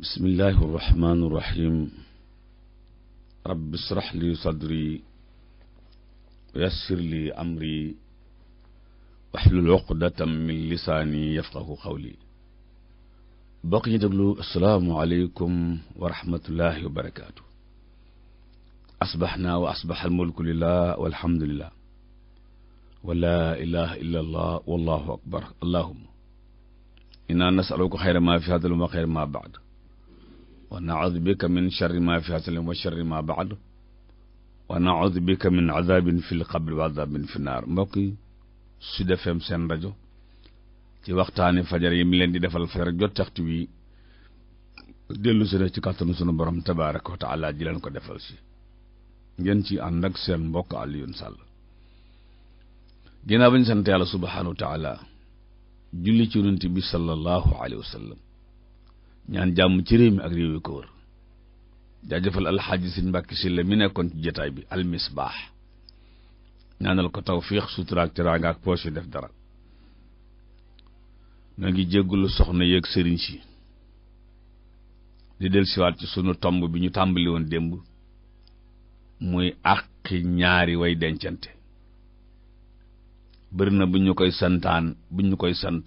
bismillahi irrahmani irrahim rabbi israh li sadri wa yassir li amri waxlul uqdatam min lisaani yafqahu qawli bokk ñu déglu asalaamualeykum wa rahmatullahi wa barakaatu asbaxnaa wa asbax almulku lillah walhamdulillah wa laa ilaha illa allah wallahu akbar allahuma inna nasaluka xayra ma fi hada wa xayra ma baad wa naudu bika min sharri ma fi hasalin wa sharri ma baadu wa naudu bika min adabin fi lqabri wa adabin fi naar mbokk yi Sud seen rajo ci waxtaani fajar yi mi leen di defal fajar jot waxtu wi dellu si na ci kàttanu sunu borom tabaaraka wa taala ji ko defal si ngeen ci ànd ak seen mbokk Alioune Sall ginnaaw ba ñu sant yàlla subhaanahu taala julli ci yonent bi sallallahu alayhi wa ñaan jàmm ci réew mi ak réew yi ko wër jaajëfal alxaaji sëñ Mbàkke Sylla mi nekkoon ci jataay bi almisbaax ñaanal ko tawfiix suturaak teraanga ak poche def dara noo ngi jéggulu soxna yeeg sëriñ si di del siwaat ci sunu tomb bi ñu tàmbali woon démb muy àqi ñaari way dencante bëri na bu ñu koy santaan bu ñu koy sant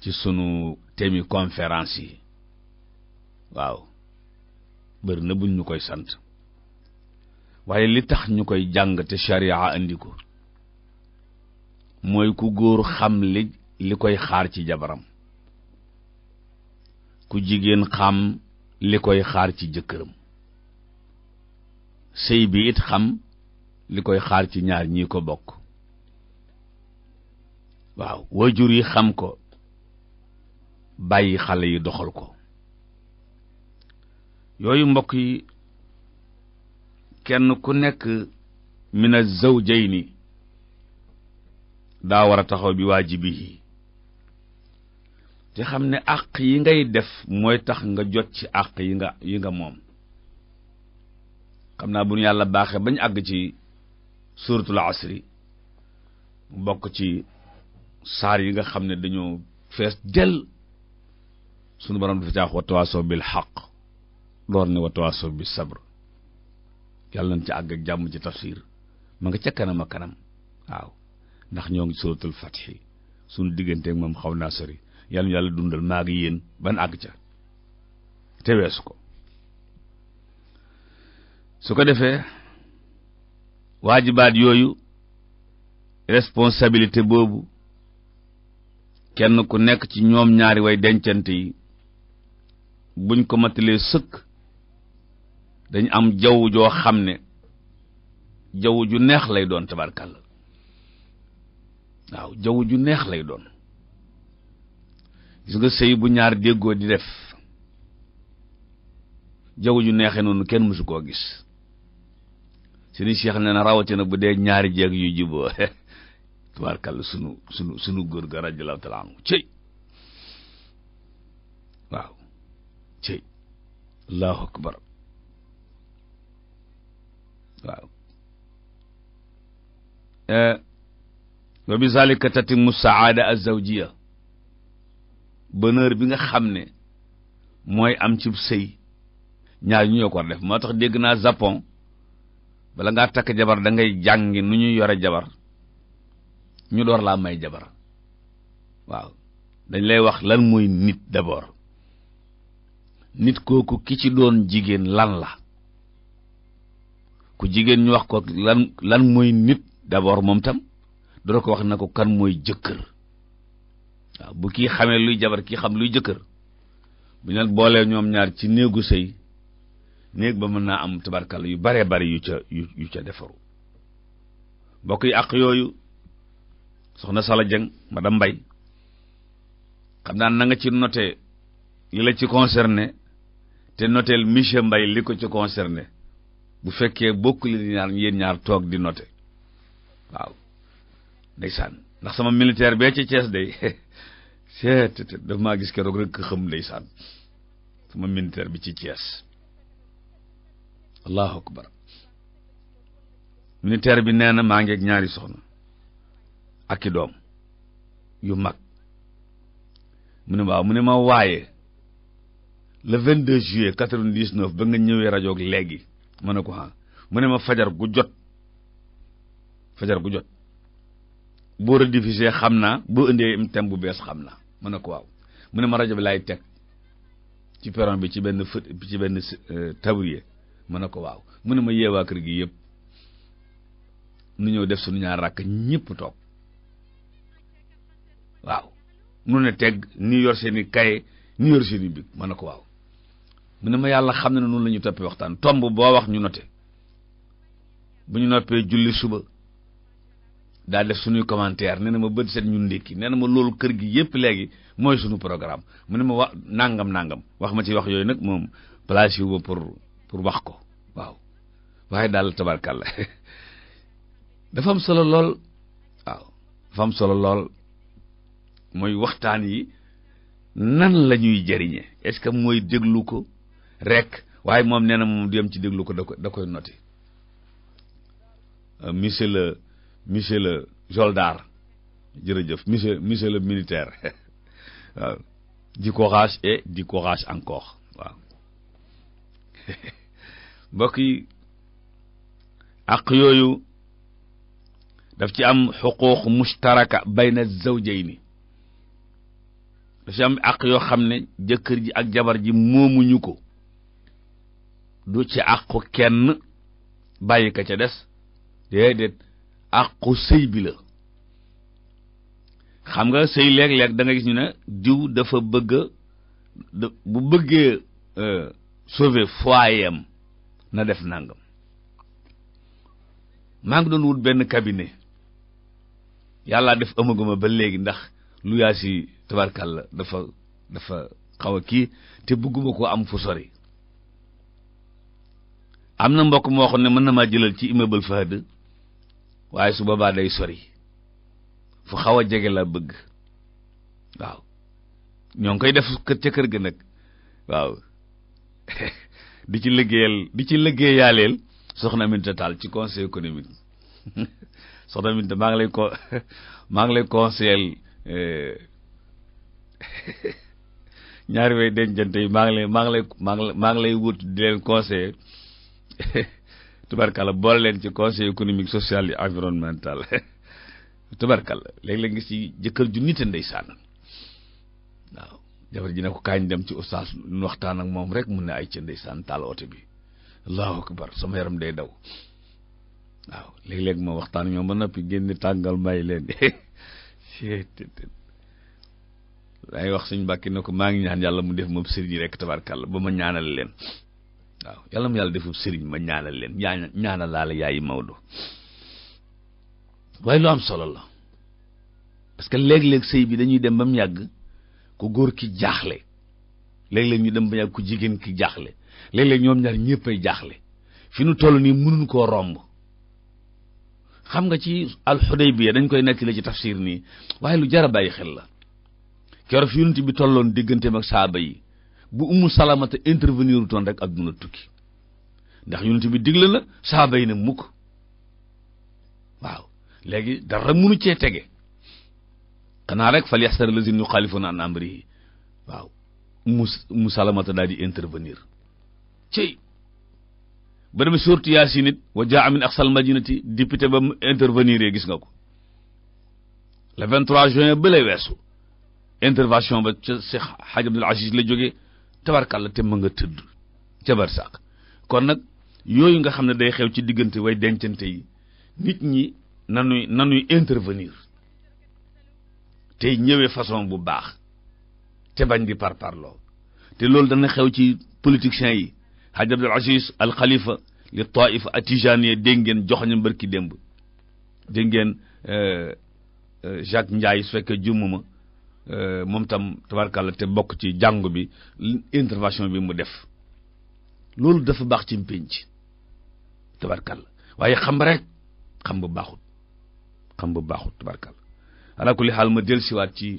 ci sunu temi conférence yi waaw bëri na buñ ñu koy sant waaye li tax ñu koy jàng te sharia andi ko mooy ku góor xam li li koy xaar ci jabaram ku jigéen xam li koy xaar ci jëkkëram sëy bi it xam li koy xaar ci ñaar ñi ko bokk waaw waajur yi xam ko bàyyi xale yi doxal ko yooyu mbokk yi kenn ku nekk min az-zawjayni daa war a taxaw bi waajibihi te xam ne àq yi ngay def mooy tax nga jot ci àq yi nga yi nga moom xam naa bu ñu yàlla baaxee bañ àgg ci suuratul asri mu bokk ci saar yi nga xam ne dañoo fees dell sunu borom dafa ci wa tawaasoo bil xaq lool na wa tawaasaw bi sabr yàlla nañ ci àgg ak jàmm ci tafsir ma nga ca kanam a kanam waaw ndax ñoo ngi suratul fatih suñu diggante moom xaw naa sori yàlla yàlla dundal maa ngi yéen ban àgg ca te weesu ko su ko defee waajibaat yooyu responsabilité boobu kenn ku nekk ci ñoom ñaari way dencante yi buñ ko matalee sëkk dañ am jaww joo xam ne jaww ju neex lay doon tabarkàlla waaw jaww ju neex lay doon gis nga sëy bu ñaari déggoo di def jaww ju neexee noonu kenn mësu koo gis suñu Cheikh nee na rawatina bu dee ñaari jeeg yu jiboo tabarkàlla sunu sunu sunu góor ga radiyallahu taala cëy waaw cëy allahu akbar waaw eh, wa bi zalika tatimu saada azawjiya bonheur bi nga xam ne mooy am ci sëy ñaar ñu ñoo ko def moo tax dégg naa japon bala ngaa takk jabar dangay ngay jàngi nu ñuy yore jabar ñu door laa may jabar waaw dañ lay wax lan mooy nit d'abord nit kooku ki ci doon jigéen lan la ku jigéen ñu wax ko lan lan mooy nit d'abord moom tam doo ko wax na ko kan mooy jëkkër waaw bu kii xamee luy jabar kii xam luy jëkkër bu ñu boolee ñoom ñaar ci néegu sëy néeg ba mën naa am tabarkalla yu baree bari yu ca yu ca defaru mbokk yi ak yooyu soxna Sala Dieng madame mbay xam naa na ci noté li la ci concerné te noteel monsieur mbay li ko ci concerné bu fekkee bokk leen ñaar yéen ñaar toog di note waaw ndeysaan ndax sama militaire bee ci Thiès day seet daf maa gis keroog rek xam ndeysaan sama militaire bi ci Thiès allahu akbar militaire bi nee na maa ngi ak ñaari soxna ak i doom yu mag mu ne waaw mu ne ma waaye le 22 juillet 99 ba nga ñëwee rajo léegi. ma ne ko ah mu ne ma fajar gu jot fajar gu jot boo rediffusé xam naa boo indee thème bu bees xam naa ma ne ko waaw mu ne ma rajo bi laay teg ci perron bi ci benn fët ci benn euh, tablier ma ne ko waaw mu ne ma yeewaa kër gi yëpp nu ñëw def suñu ñaar rakk ñépp toog waaw nu ne teg ñu yor seeni kay ñu yor seeni big ma ne ko waaw mu ne ma yàlla xam ne ne noonu la ñu toppee waxtaan tomb boo wax ñu noté bu ñu noppee julli suba daa def suñuy commentaire nee na ma bët seen ñu ndékki nee na ma loolu kër gi yépp léegi mooy suñu programme mu ne ma wax nangam nangam wax ma ci wax yooyu nag moom place yu ba pour wax ko waaw waaye daal tabarkàlla dafa am solo lool waaw dafa solo lool mooy waxtaan yi nan la ñuy jariñe est-ce que mooy déglu ko rek waaye moom nee na moom du yem ci déglu ko da koy da koy noté euh, monsieur le monsieur le soldat jërëjëf monsieur monsieur le militaire waaw du courage et du courage encore waaw mbokk yi àq yooyu daf ci am xuquuq mustaraka bayna zawjayni daf ci am àq yoo xam ne jëkkër ji ak jabar ji moomuñu ko du ci àqu kenn bàyyi ka ca des déedéet àqu sëy bi la xam nga sëy leeg léeg da nga gis ñu ne diw dafa bëgg bu bëggee euh, sauver foyam na def nangam maa ngi doon wut benn cabinet yàllaa def amaguma ba léegi ndax lu yaa si tabarkal la dafa dafa xawa kii te bëgguma ko am fu sori am na mbokk moo xam ne mën na maa jëlal ci immeuble Fahd waaye su boobaa day sori fu xaw a jege la bëgg waaw ñoo ngi koy def ca kër gi nag waaw di ci liggéeyal di ci liggéeyaaleel soxna Aminata taal ci conseil économique soxna Aminata lay ko maa ngi lay conseil eh, ñaari way dencante yi maa ngi lay maa ngi lay maa ngi lay wut di leen conseil tubarkalla boole leen ci conseil économique social et environnemental tubarkalla léeg-léeg ngi si jëkkër ju nite ndeysaan waaw jabar ji ne ko kaañ dem ci oustaz nu waxtaan ak moom rek mun ne ay ca ndeysaan taal oto bi allahu akbar sama yaram day daw waaw léeg-léeg ma waxtaan ñoo ba noppi génn tàngal may leen dangay wax suñ bàkki ne ko maa ngi ñaan yàlla mu def moom sëriñ rek la ba ma ñaanal leen waaw yàlla mu yàlla defu sëriñ ma ñaanal leen ñaan ñaana laa la yaayi Maodo waaye lu am solo la parce que léeg-léeg sëy bi dañuy dem ba mu yàgg ku góor ki jaaxle léeg-léeg ñu dem ba mu yàgg ku jigéen ki jaaxle léeg-léeg ñoom ñaar ñëppay jaaxle fi nu toll nii mënuñ koo romb xam nga ci alxudaybiya dañ koy nettali ci tafsir nii waaye lu jar a bàyyi xel la keroog fi yonent bi tolloon digganteem ak saaba yi bu ummu salamata intervenir u toon rek adduna tukki ndax yonent bi digle na saaba yi ne mukk waaw léegi dara munu cee tege xanaa rek fal yaxsar lazine yuxaalifuna an amrihi waaw ummu ummu salamata daal di intervenir cey ba dem surtu yaasin it wa jaa min aqsal madinati député ba intervenir yee gis nga ko le 23 juin ba lay weesu intervention ba ca Cheikh Hadj Abdoul Aziz la jóge tabarkàlla te ma nga tëdd jabar sax kon nag yooyu nga xam ne day xew ci diggante way dencante yi nit ñi nanuy nanuy intervenir tey ñëwee façon bu baax te bañ di parparloo te loolu dana xew ci politiciens yi Hadj Abdul Aziz Al Khalifa li taifa atijaniya dégg ngeen jox ñu mbër ki démb dégg ngeen euh, euh, Jacques Ndiaye su fekkee jumuma Euh, moom tam tabarkàlla te bokk ci jàngu bi intervention bi mu def loolu dafa baax ci mpénc tabarkàlla waaye xam rek xam bu baaxut xam bu baaxut tabarkàlla ala kulli xaal ma dellusiwaat ci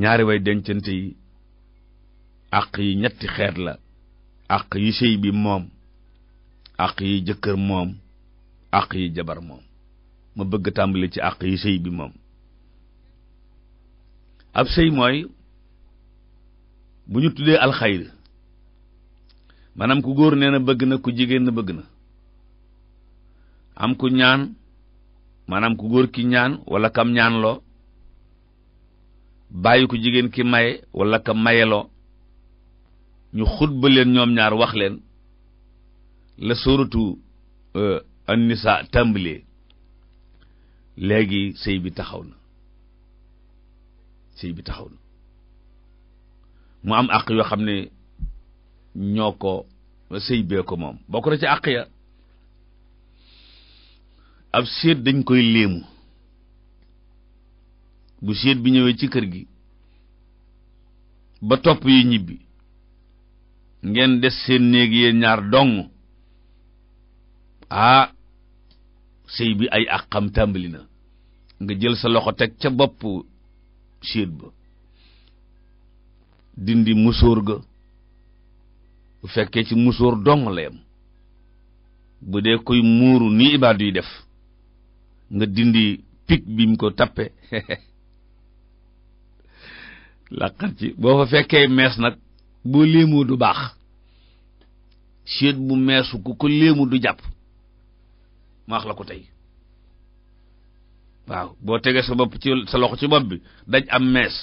ñaari way dencante yi àq yi ñetti xeet la àq yi sëy bi moom àq yi jëkkër moom àq yi jabar moom ma bëgg tàmbali ci àq yi sëy bi moom ab sëy mooy bu ñu tuddee alxayr maanaam ku góor nee na bëgg na ku jigéen na bëgg na am ku ñaan maanaam ku góor ki ñaan walla kam ñaan bàyyi ku jigéen ki maye wala kam mayeloo ñu xutba leen ñoom ñaar wax leen la sóoratu euh, an-nisaa tàmbalee léegi sëy bi taxaw na sëy bi taxaw mu am àq yoo xam ne ñoo ko sëy bee ko moom bokk na ci àq ya ab séet dañ koy léemu bu séet bi ñëwee ci kër gi ba topp yi ñibbi ngeen des seen néeg yéen ñaar dong ah sëy bi ay àqam tàmbali na nga jël sa loxo teg ca bopp siit ba dindi musóor ga bu fekkee ci musóor dong la yam bu dee koy muuru ni ibaadu yi def nga dindi pik bi mu ko tappe làqat boo fa fekkee mees nag boo léemoo du baax siit bu meesu ku ko léemu du jàpp maax la ko tey waaw boo tegee sa bopp ci sa loxo ci bopp bi dañ am mees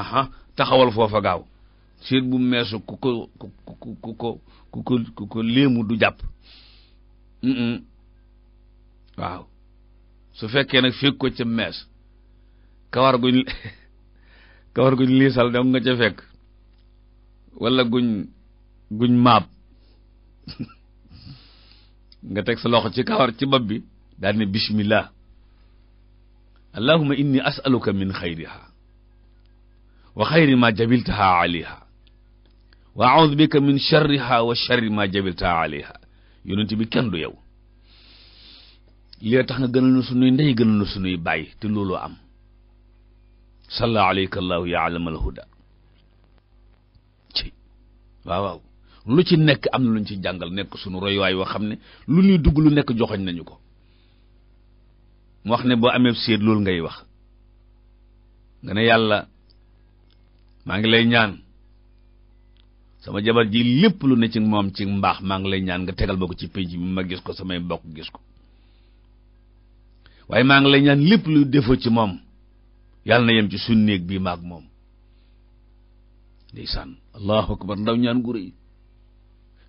aha taxawal foofa gaaw siit bu meesu ku ko ku ko ku ko ku du jàpp waaw su fekkee nag fekk ko ca mees kawar guñ kawar guñ liisal dong nga ca fekk walla guñ guñ maab nga teg sa loxo ci kawar ci bopp bi daal ne allahuma inni asaluka min xayriha wa xayri ma jabiltaha alayha wa audu bika min sharriha wa sharri ma jabiltaha alayha yonent bi kenn du yow li tax nga gënal nu sunuy ndey gënal nu sunuy bàyyi te loolu am salla alayka allahu ya alamal huda ci waaw waaw lu ci nekk am na luñ ci jàngal nekk sunu roywaay yoo xam ne lu ñuy dugg lu nekk joxoñ nañu ko mu wax ne boo amee séet loolu ngay wax nga ne yàlla maa ngi lay ñaan sama jabar ji lépp lu ne ci moom ci mbaax maa ngi lay ñaan nga tegal boo ko ci pénc bi ma gis ko samay bokk gis ko waaye maa ngi lay ñaan lépp lu defoo ci moom yàlla na yem ci suñu néeg bii maag moom ndeysaan allahu akbar ndaw ñaan gu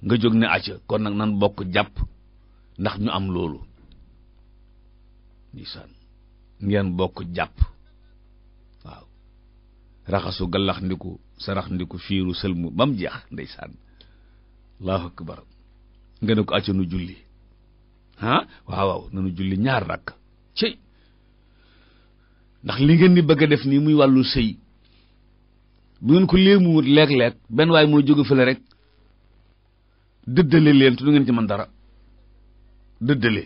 nga jóg ne acca kon nag nan bokk jàpp ndax ñu am loolu ndeysaan bokk jàpp waaw raxasu gallax ndiku sarax ndiku fiiru sëlmu ba mu jeex ndeysaan allahu akbar ko acca nu julli ah waaw ñaar rakk ndax li ngeen di bëgg a def nii muy wàllu sëy bu ngeen ko léemuwut leeg-leeg benn waay moo jóge fële rek dëddale leen te du ngeen ci mën dara dëddale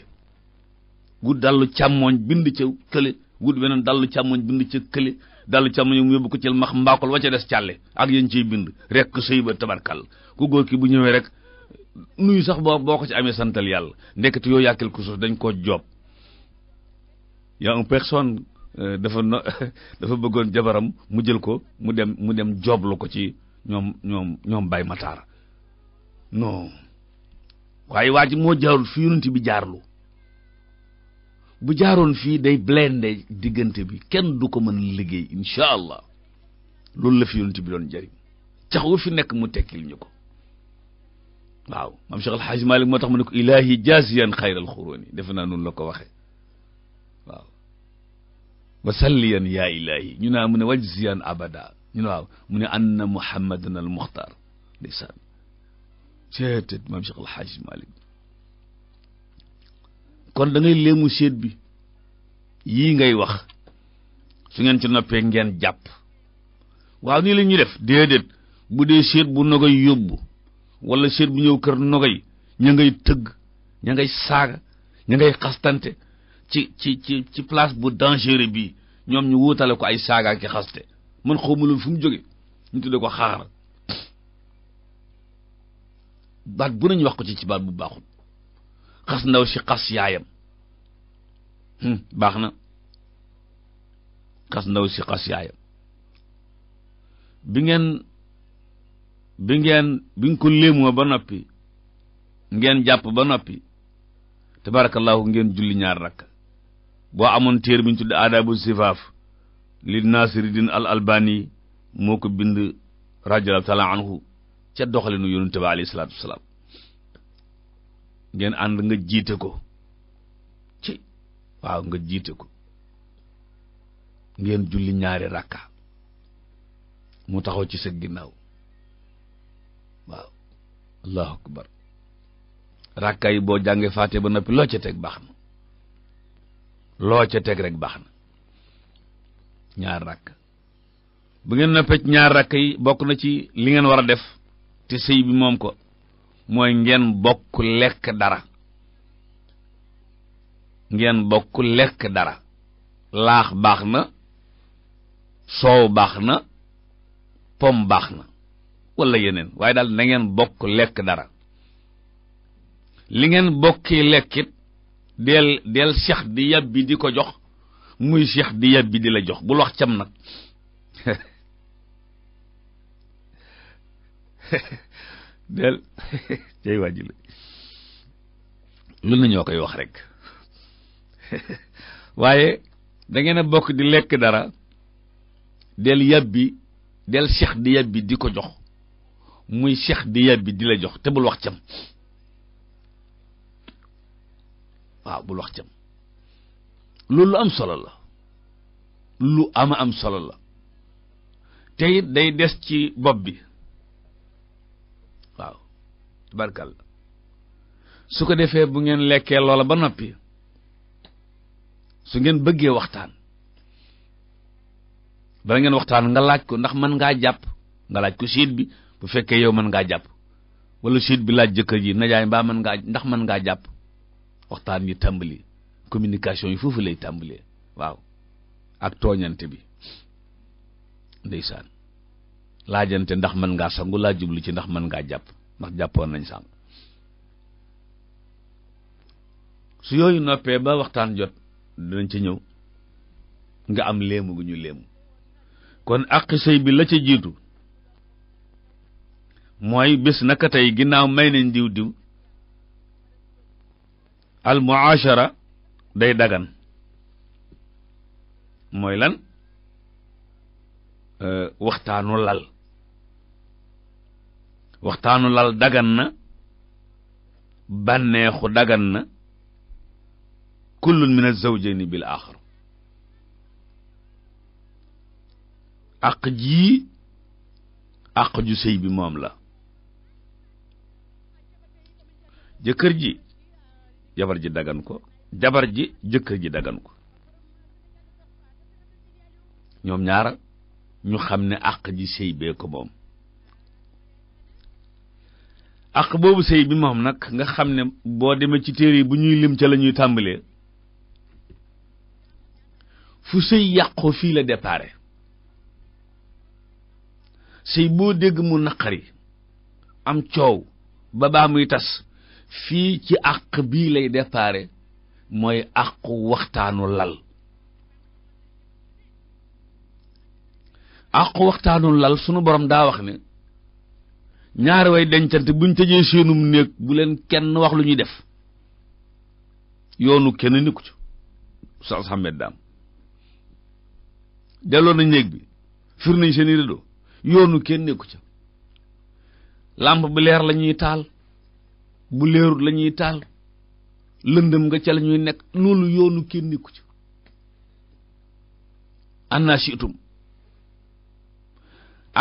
wut dallu càmmooñ bind ca kële wut beneen dallu càmmooñ bind ca kële dallu càmmooñ mu yóbbu ko ci max mbaakol wa ca des càlle ak yéen ciy bind rek sëy ba tabarkal ku góor ki bu ñëwee rek nuyu sax boo boo ko ci amee santal yàlla ndekete yoo yàkkal ko suuf dañ koo joob yaa une euh, dafa no bëggoon jabaram mu jël ko mu dem mu dem jooblu ko ci ñoom ñoom ñoom Baye Matar waaye waa ji moo jaarul fi yonent bi jaarlu bu jaaroon fii day blende diggante bi kenn du ko mën liggéey incha allah loolu la fi yonent bi doon jëriñ cax wu fi nekk mu tekkil ñu ko waaw maam Cheikh Al moo tax mu ne ko ilaahi jaasiyan xayral xuróoni defe naa noonu la ko waxee waaw wasalliyan yaa ilaahi ñu naa ah, mu ne wajziyan abada ñu ne mu ne anna muhammadan al muxtaar ndeysaan ceetet maam Cheikh Al Hadj Malick kon da ngay léemu séet bi yii ngay wax su ngeen ci noppee ngeen jàpp waaw nii la ñuy def déedéet bu dee séet bu nogay yóbbu wala séet bu ñëw kër nogay ña ngay tëgg ña ngay saaga ña ngay xastante ci ci ci ci place bu dangereux bii ñoom ñu wutale ko ay saaga ki xaste man xawma loolu fu mu jóge ñu tudde ko xaar baat bu nañu wax ko ci ci baat bu baaxul xas ndaw si xas hmm, baax na xas ndaw si xas yaayam bi ngeen bi ngeen bi nga ko ba noppi ngeen jàpp ba noppi tabarakallahu ngeen julli ñaar rakk boo amoon téer bi ñu tudd aadabu sifaaf li nasiridin al moo ko bind radiyallahu taala anhu ca doxalinu yonente ba alayhi salaatu wasalaam ngeen ànd nga jiite ko ci waaw nga jiite ko ngeen julli ñaari rakka mu taxaw ci sa ginnaaw waaw allahu akbar rakka yi boo jàngee fàtte ba noppi loo ca teg baax na loo ca teg rek baax na ñaar rakk bu ngeen noppee ñaar rakk yi bokk na ci li ngeen war a def te sëy bi moom ko mooy ngeen bokk lekk dara ngeen bokk lekk dara laax baax na soow baax na pom baax na walla yeneen waaye daal nangeen ngeen bokk lekk dara li ngeen bokki lekkit del del seex di yàbbi di ko jox muy seex di yàbbi di la jox bul wax cam nag del jay wàjji la loolu na ñoo koy wax rek waaye dangeen a bokk di lekk dara del yàbbi del seex di yàbbi di ko jox muy seex di yàbbi di la jox te bul wax cam waaw bul wax cam loolu lu am solo la lu ama am solo la te day des ci bopp bi tubarkal su ko defee bu ngeen lekkee loola ba noppi su ngeen bëggee waxtaan bala ngeen waxtaan nga laaj ko ndax man ngaa jàpp nga laaj ko siit bi bu fekkee yow mën ngaa jàpp wala siit bi laaj jëkkër ji najaay mbaa mën ngaa ndax man ngaa jàpp waxtaan yi tàmbali communication yi foofu lay tàmbalee waaw ak tooñante bi ndeysaan laajante ndax mën ngaa sangu laa jublu ci ndax mën ngaa jàpp ndax jàppoon nañ sànq su yooyu noppee ba waxtaan jot dinañ ci ñëw nga am léemu gu ñu léemu kon àq sëy bi la ca jiitu mooy bés naka tey ginnaaw may nañ diw diw al muashara day dagan mooy lan waxtaanu lal waxtaanu lal dagan na bànneexu dagan na kullun min az-zawjayni bil axar àq jii àq ju sëy bi moom la jëkkër ji jabar ji dagan ko jabar ji jëkkër ji dagan ko ñoom ñaara ñu xam ne àq ji sëy bee ko moom ak boobu sëy bi moom nag nga xam ne boo demee ci téere yi bu ñuy lim ca la ñuy tàmbalee fu sëy yàqu fii la déparé sëy boo dégg mu naqari am coow ba baa muy tas fii ci àq bii lay déparé mooy àqu waxtaanu lal àqu waxtaanu lal sunu borom daa wax ne ñaari way dencante buñ tëjee seenum néeg bu leen kenn wax lu ñuy def yoonu kenn nekku ku ci Oustaz Ahmed Dame delloo na néeg bi fir nañ seen i rido yoonu kenn nekku ca làmp bi leer lañuy ñuy taal bu leerut la ñuy lëndëm nga ca lañuy nekk loolu yoonu kenn nekku ca annaa situm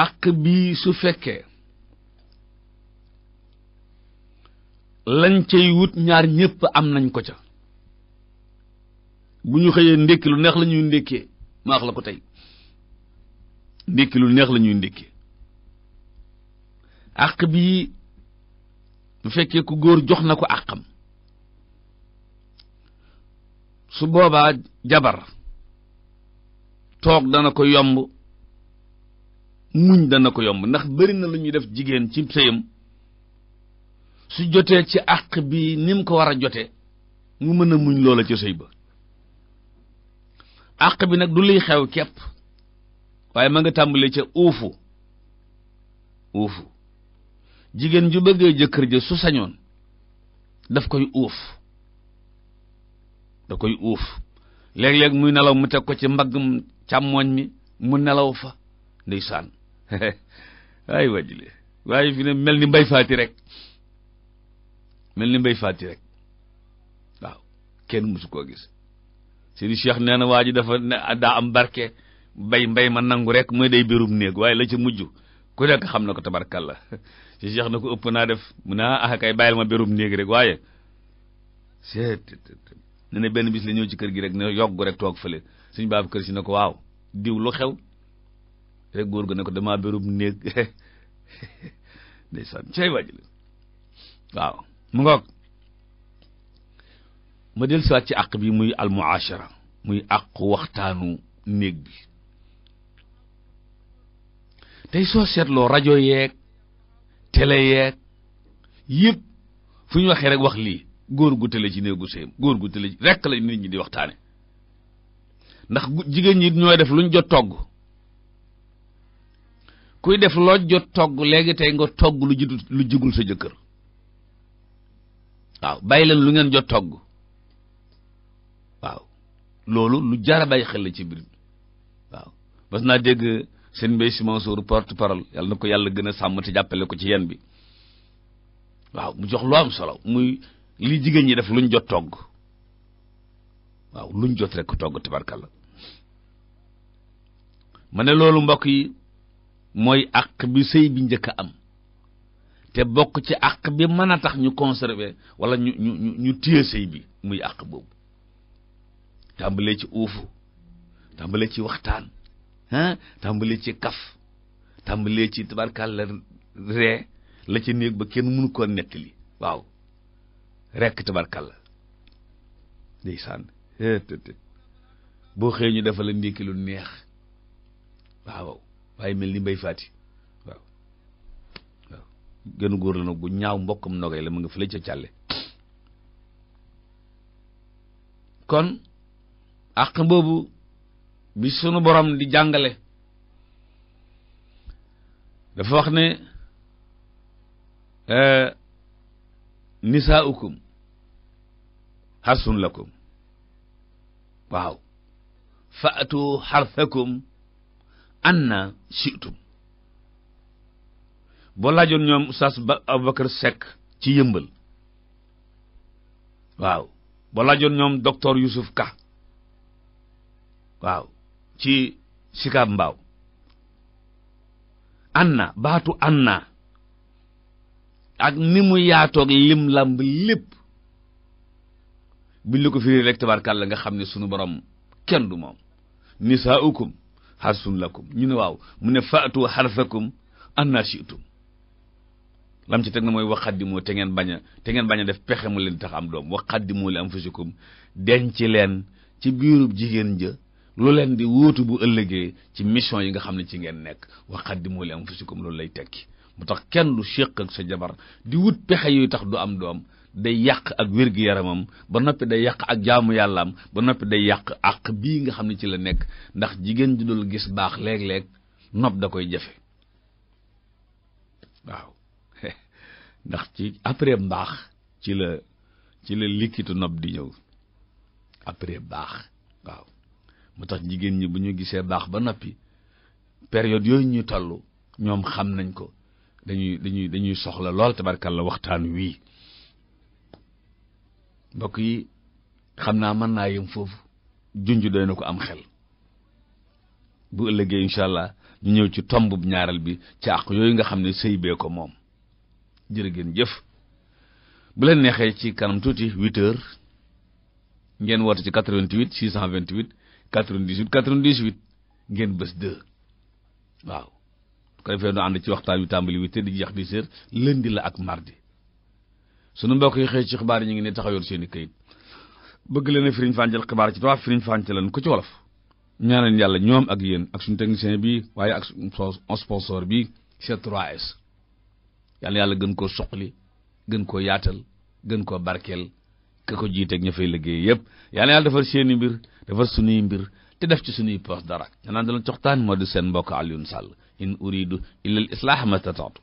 àq bii su fekkee lañ cay wut ñaar ñëpp am nañ ko ca bu ñu xëyee ndékki lu neex la ñuy ndékkee ma la ko tey ndékki lu neex la ñuy ndékkee àq bi bu fekkee ku góor jox na ko àqam su boobaa jabar toog dana ko yomb muñ dana ko yomb ndax bëri na lu ñuy def jigéen ci sëyam su jotee ci àq bi ni mu ko war a jote mu mën a muñ loola ca sëy ba àq bi nag du luy xew képp waaye ma nga tàmbalee ca uufu uufu jigéen ju bëggee jëkkër ja su sañoon daf koy uuf da koy uuf léeg-léeg muy nelaw mu teg ko ci mbaggum càmmooñ mi mu nelaw fa ndeysaan ay wajile waaye fi ne mel ni mbay faati rekk mel ni mbay fàtti rek waaw kenn mësu koo gis sëñ Cheikh nee na waa ji dafa ne daa am barke bay mbay ma nangu rek mooy day birum néeg waaye la ca mujj ku xam na ko tabarkalla sëñ Cheikh na ko ëpp naa def mu ne ah kay néeg rek waaye c'est ne benn bis la ñëw ci kër gi rek ne yoggu rek toog fële suñ baabu kër si ne ko waaw diw lu xew rek góor gu ne ko damaa birum néeg ndeysaan cay waaji la waaw mu nga ma del siwaat ci àq bi muy almuashara muy àqu waxtaanu néeg bi tey soo seetloo rajo yeeg télé yeeg yëpp fu ñu waxee rek wax lii góor gu tële ci néegu sëyam góor gu tële rekk la nit ñi di waxtaane ndax jigéen ñi ñooy def luñ jot togg kuy def loo jot togg léegi tey nga togg lu jidul lu jigul sa jëkkër waaw bàyyi leen lu ngeen jot togg waaw loolu lu jar a bàyyi xel la ci mbir waaw bas naa dégg seen mbay si Mansour porte parole yàlla na ko yàlla gën a sàmm te jàppale ko ci yenn bi waaw mu jox lu am solo muy li jigéen ñi def luñ jot togg waaw luñ jot rek togg tabarkalla ma ne loolu mbokk yi mooy àq bi sëy bi njëkk a am te bokk ci àq bi mën a tax ñu conserver wala ñu ñu ñu ñu téye sëy bi muy àq boobu tàmbalee ci uufu tàmbalee ci waxtaan ah tàmbalee ci kaf tàmbalee ci tabarkaal la ree la ci néeg ba kenn mënu koo li waaw rekk tabarkaal la ndeysaan boo xëyee ñu defal la ndékki lu neex waaw waaye mel ni mbay faati gënu góor la nag bu ñaaw mbokkum nogay la mu nga fële ca càlle kon àq boobu bi sunu borom di jàngale dafa wax ne eh, nisaaukum xarsun lakum waaw faatu xarsakum anna shi'tum boo laajoon ñoom oustaz ba Aboubacar Seck ci yëmbal waaw boo laajoon ñoom docteur Youssouf Ka waaw ci Sicap Mbao anna baatu anna ak ni mu yaatoog lim làmb lépp biñ la ko firi rek tabarkàlla nga xam ne sunu borom kenn du moom nisaa'ukum harsun lakum ñu ne waaw mu ne faatu harfakum anna shi'tum lam ci teg na mooy moo te ngeen bañ a te ngeen bañ a def pexe mu leen tax am doom waxaddimoo li am fusikum denc leen ci biirub jigéen ja lu leen di wóotu bu ëllëgee ci mission yi nga xam ne ci ngeen nekk waxaddimoo li am fusikum loolu lay tekki mu tax kenn du séq ak sa jabar di wut pexe yooyu tax du am doom day yàq ak wér-gu-yaramam ba noppi day yàq ak jaamu yàllaam ba noppi day yàq àq bii nga xam ne ci la nekk ndax jigéen ju dul gis baax léeg-léeg nopp da koy jafe ndax ci après mbaax ci la ci la likkitu nopp di ñëw après baax waaw mu tax jigéen ñi bu ñu gisee baax ba noppi période yooyu ñu toll ñoom xam nañ ko dañuy dañuy dañuy soxla lool tabarkalla waxtaan wii mbokk yi xam naa mën naa yem foofu junj doy na ko am xel bu ëllëgee incha allah ñëw ci tomb bu ñaaral bi ci àq yooyu nga xam ne sëy bee ko moom jërë ngeen jëf bu leen neexee ci kanam tuuti huit ngeen woote ci 88 628 98 98 ngeen bés deux waaw su ko defee nu ànd ci waxtaan wi tàmbali wi te di jeex dix leen di la ak mardi sunu mbokk yi xëy ci xibaar yi ñu ngi ne taxaw yor seen i këyit bëgg leen a firiñ fàncal xibaar ci tubaab firiñ fàncal leen ko ci wolof ñaan yàlla ñoom ak yéen ak suñu technicien bi waaye ak sponsor bi C3S yàlla yàlla gën koo suqali gën koo yaatal gën koo barkeel ka ko jiiteeg ña fay liggéey yëpp yàlla yàlla defar seeni mbir defar suñuy mbir te def ci sunuy poos dara ñanaan daloon coxtaan moo di seen mbokk Alioune Sall in uridu illa al islaaha mastata'tu